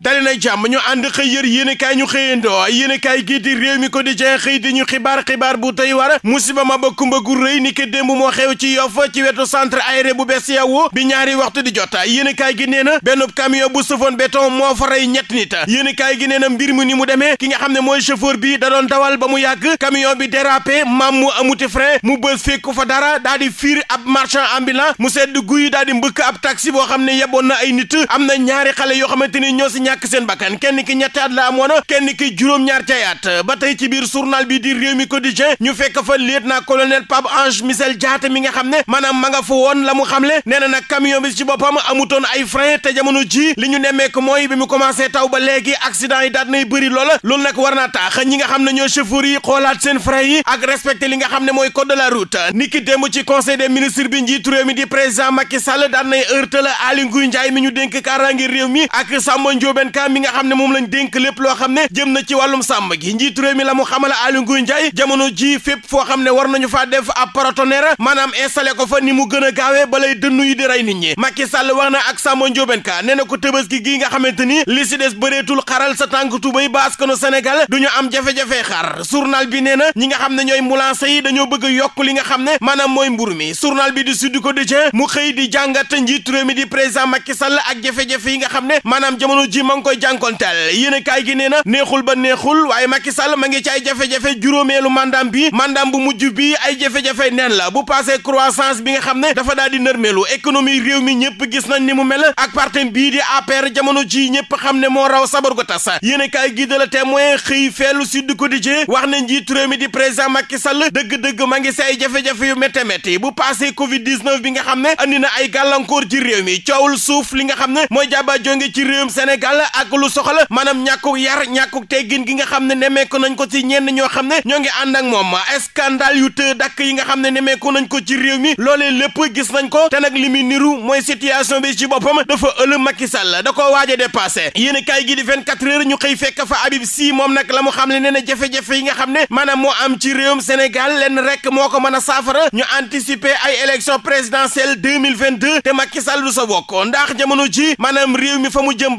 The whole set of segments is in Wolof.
dali na jàmm ñu ànd xëy yër yéen kaay ñu xëyandoo yéen kaay gii di réew mi ko di xëy di ñu xibaar xibaar bu tey war musiba ma ba kumba gu rëy ni ki démb moo xew ci yof ci wetu centre aéré bu bees yawo bi ñaari waxtu di jot yéen kaay gi nee na benn camion bu sëfoon béton moo fa rey ñett nit yéen kaay gi nee mbir mi ni mu demee ki nga xam ne mooy chauffeur bi da doon dawal ba mu yàgg camion bi dérapé maam mu amuti frein mu bës fekku fa dara daa di fiir ab marchand ambulant mu sedd guy daa di mbëkk ab taxi boo xam ne yeboon na ay nit am na ñaari xale yoo xamante ni ñoo ñàkk seen bakkan kenn ki ñetti at la amoon kenn ki juróom-ñaar cay at ba tey ci biir bi di réew mi ñu fekk fa lieutenant colonel Pape Ange Michel Diatta mi nga xam ne maanaam ma nga fa woon la mu xamle nee nag camion bi ci boppam amutoon ay frein te jamono ji li ñu nemmeek mooy bi mu commencé taw ba léegi accident yi daat nay bëri loola loolu nag war naa ñi nga xam ne ñoo chauffeur yi xoolaat seen frein yi ak Lamine Ka mi nga xam ne moom lañ dénk lépp loo xam ne jëm na ci wàllum sàmm gi njiitu réew mi la mu xamala Aly Ngouille Ndiaye jamono ji xam ne war nañu faa def ab paratonnerre maanaam installé ko fa ni mu gën a gaawee balay dënnu yi di rey nit ñi Macky Sall wax na ak Samba Ndiobène Ka nee na ko Tabaski gi nga xamante ni li si des bëreetul xaral sa tànk tubay ba askanu Sénégal duñu am jafe-jafe xaar journal bi nee na ñi nga xam ne ñooy mulancé yi dañoo bëgg yokk li nga xam ne maanaam mooy mburu mi journal bi di ko Quotidien mu xëy di jàngat njiitu réew mi di président Macky Sall ak jafe-jafe yi nga xam ne maanaam jamono ji ma ngi koy jànkonteel yéenekaay gi nee na neexul ba neexul waaye Macky Sall ma ngi ci ay jafe-jafe juróomeelu mandaam bi mandaam bu mujj bi ay jafe-jafe neen la bu passé croissance bi nga xam ne dafa daal di nërmeelu économie réew mi ñëpp gis nañ ni mu mel ak parti bii di APR jamono ji ñëpp xam ne moo raw sabar gu tas yéenekaay gi de la témoin xëy feelu Sud Quotidien wax ne njiitu réew mi di président Macky Sall dëgg-dëgg ma ngi ci ay jafe-jafe yu bu passé Covid bi nga xam ne andi na ay gàllankoor ci réew mi coowul suuf li nga xam ne mooy jàbba jonge ci réewum Sénégal la ak lu soxla maanaam ñàkkuk yar te teggin gi nga xam ne nemeeku nañ ko ci ñenn ñoo xam ne ñoo ngi ànd ak moom scandale yu të dakk yi nga xam ne nemeeku nañ ko ci réew mi loolee lépp gis nañ ko te nag li muy niru mooy situation bi ci boppam dafa ëll Macky Sall da koo waaj a dépassé yéen kaay gi di 24 heures ñu xëy fekk fa Habib Sy moom nag la mu xam ne nee na jafe yi nga xam ne maanaam moo am ci réewum Sénégal lenn rek moo ko mën a saafara ñu anticiper ay élection présidentielle 2022 te Macky Sall du sa bokk ndax jamono ji maanaam réew mi fa mu jëm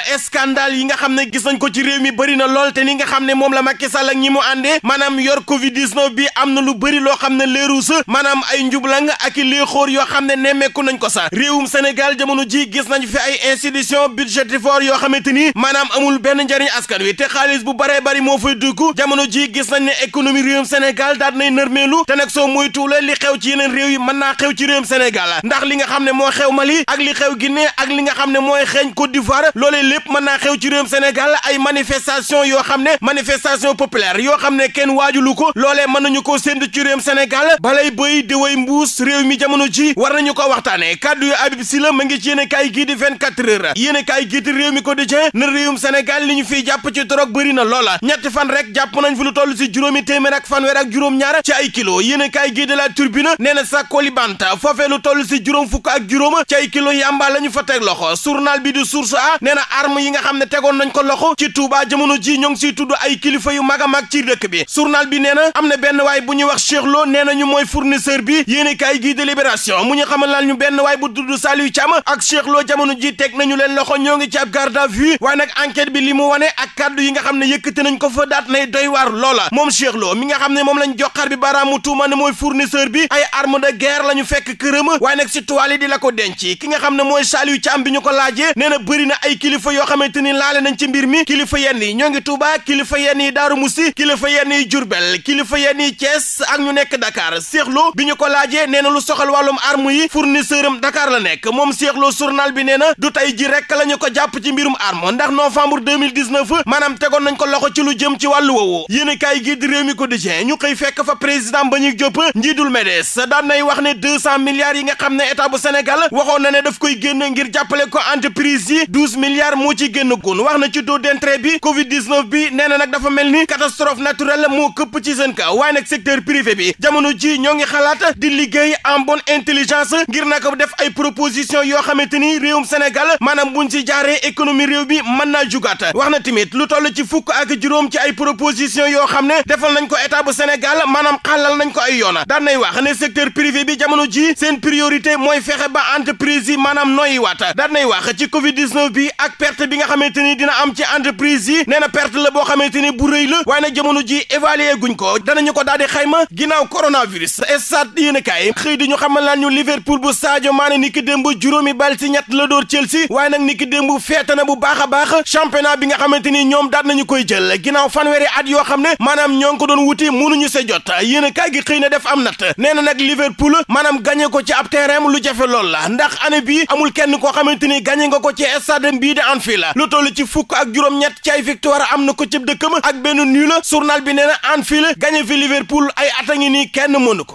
Sall scandale yi nga xam ne gis nañ ko ci réew mi bëri na lool te ni nga xam ne moom la Macky Sall ak ñi mu àndee maanaam yor Covid bi am na lu bari loo xam ne leeru sa maanaam ay njublang ak i lii xóor yoo xam ne nemmeeku nañ ko sa réewum Sénégal jamono ji gis nañ fi ay institution budgétivore yoo xamante ni maanaam amul benn njariñ askan wi te xaalis bu bëree bëri moo fay dugg jamono ji gis nañ ne économie réewum Sénégal daal nay nërmeelu te nag soo moytuwulee li xew ci yeneen réew yi mën naa xew ci réewum Sénégal ndax li nga xam ne moo xew Mali ak li xew Guinée ak li nga xam ne mooy xeeñ Côte d'Ivoire loolee lépp mën naa xew ci réewum Sénégal ay manifestation yoo xam ne manifestation populaire yoo xam ne kenn waajulu ko loolee mën nañu ko sénd ci réewum Sénégal balay bëy di way mbuus réew mi jamono ji war nañu ko waxtaane kàddu yu Habib Sylla ma ngi ci yéen kaay gii di 24 heures yéen kaay gii di réew mi quotidien na réewum Sénégal li ñu fi jàpp ci drogue bëri na loola ñetti fan rek jàpp nañ fi lu toll si juróomi téeméer ak fanweer ak juróom-ñaar ci kilo yéen kaay gii de la turbine nee na sa kolibanta foofee lu toll si juróom fukk ak juróom ay kilo yamba la ñu fa teg loxo journal bi di source a nee na arm yi nga xam ne tegoon nañ ko loxo ci Touba jamono ji ñoo ngi siy tudd ay kilifa yu mag a mag ci dëkk bi journal bi nee na am na benn waay bu ñuy wax Cheikh Lo nee nañu mooy fournisseur bi yéene kaay gii de libération mu ñu xamal laal ñu benn waay bu tudd Saliou Thiam ak Cheikh jamono ji teg nañu leen loxo ñoo ngi ci ab garde à vue waaye nag enquête bi li mu wane ak kàddu yi nga xam ne yëkkati nañ ko fa daat nay doy waar loola moom Cheikh Lo mi nga xam ne moom lañ joxar bi baraamu tuuma ne mooy fournisseur bi ay arme de la ñu fekk këram waaye nag si toile di la ko denc ki nga xam ne mooy Saliou Thiam bi ñu ko laajee nee na bëri na ay kilifa fa yoo xamante ni laale nañ ci mbir mi kilifa yenn yi ñoo ngi Touba kilifa yenn yi Daaru Musi kilifa yenn yi Jurbel kilifa yenn yi Thiès ak ñu nekk Dakar Cheikh bi ñu ko laajee nee na lu soxal wàllum arme yi fournisseur am Dakar la nekk moom Cheikh Lo bi nee na du tey ji rek la ñu ko jàpp ci mbirum arme ndax novembre 2019 maanaam tegoon nañ ko loxo ci lu jëm ci wàllu woowu yéen kaay gi di réew mi quotidien ñu xëy fekk fa président Mbagnick Diop njiitul MEDES daan nay wax ne 200 milliards yi nga xam ne état bu Sénégal waxoon na ne daf koy génn ngir jàppale ko entreprise yi 12 milliards milliards moo ci génn gun wax na ci doo d'intérêt bi Covid 19 bi nee na nag dafa mel ni catastrophe naturelle moo këpp ci seen kaw waaye nag secteur privé bi jamono ji ñoo ngi xalaat di liggéey en bon intelligence ngir nag def ay proposition yoo xamante ni réewum Sénégal maanaam buñ ci jaaree économie réew bi mën naa jugaat wax na tamit lu toll ci fukk ak juróom ci ay proposition yoo xam ne defal nañ ko état bu Sénégal maanaam xàllal nañ ko ay yoona daan nay wax ne secteur privé bi jamono ji seen priorité mooy fexe ba entreprise yi maanaam noyyi waat daan nay wax ci Covid bi ak perte bi nga xamante ni dina am ci entreprise yi nee na perte la boo xamante ni bu rëy la waaye nag jamono ji évaluer guñ ko danañu ko daal di xayma ginnaaw coronavirus stade yéenekaay xëy di ñu xamal laan ñu Liverpool bu Sadio Mané ni ki démb juróomi bal ci ñett la dóor Chelsea waaye nag ni ki démb feete na bu baax a baax championnat bi nga xamante ni ñoom daal nañu koy jël ginnaaw fanweeri at yoo xam ne maanaam ñoo ngi ko doon wuti mënuñu sa jot yéenekaay gi xëy na def am nat nee na nag Liverpool maanaam gagné ko ci ab terrain lu jafe la ndax année bi amul kenn koo xamante ni gagné nga ko ci stade bii Anfield lu toll ci fukk ak juróom-ñett ci ay victoire am na ko ci dëkkam ak benn nul journal bi nee na Anfield gagné fi Liverpool ay at a ngi nii kenn mënu ko